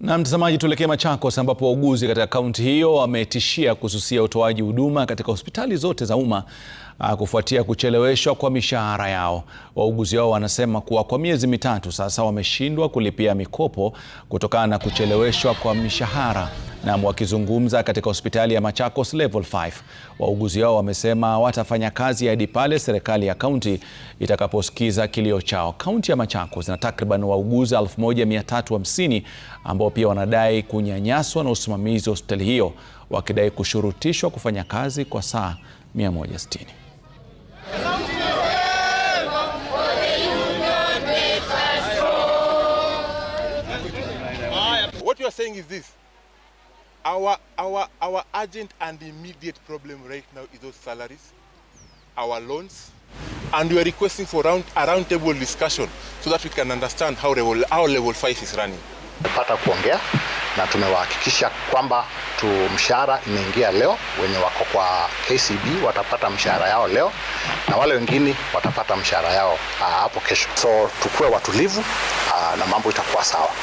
Na mtazamaji, tuelekee Machakos ambapo wauguzi katika kaunti hiyo wametishia kususia utoaji huduma katika hospitali zote za umma ah, kufuatia kucheleweshwa kwa mishahara yao. Wauguzi hao wanasema kuwa kwa miezi mitatu sasa wameshindwa kulipia mikopo kutokana na kucheleweshwa kwa mishahara. Na wakizungumza katika hospitali ya Machakos Level 5, wauguzi wao wamesema watafanya kazi hadi pale serikali ya kaunti itakaposikiza kilio chao. Kaunti ya Machakos ina takriban wauguzi 1350 ambao pia wanadai kunyanyaswa na usimamizi wa hospitali hiyo, wakidai kushurutishwa kufanya kazi kwa saa 160. What you are saying is this. Our, our, our urgent and immediate problem right now is those salaries, our loans, and we are requesting for round, a roundtable discussion so that we can understand how level, how level 5 is running. Tumepata kuongea na tumewahakikisha kwamba tu mshahara imeingia leo, wenye wako kwa KCB watapata mshahara yao leo na wale wengine watapata mshahara yao ah, hapo kesho. So tukuwe watulivu aa, ah, na mambo itakuwa sawa.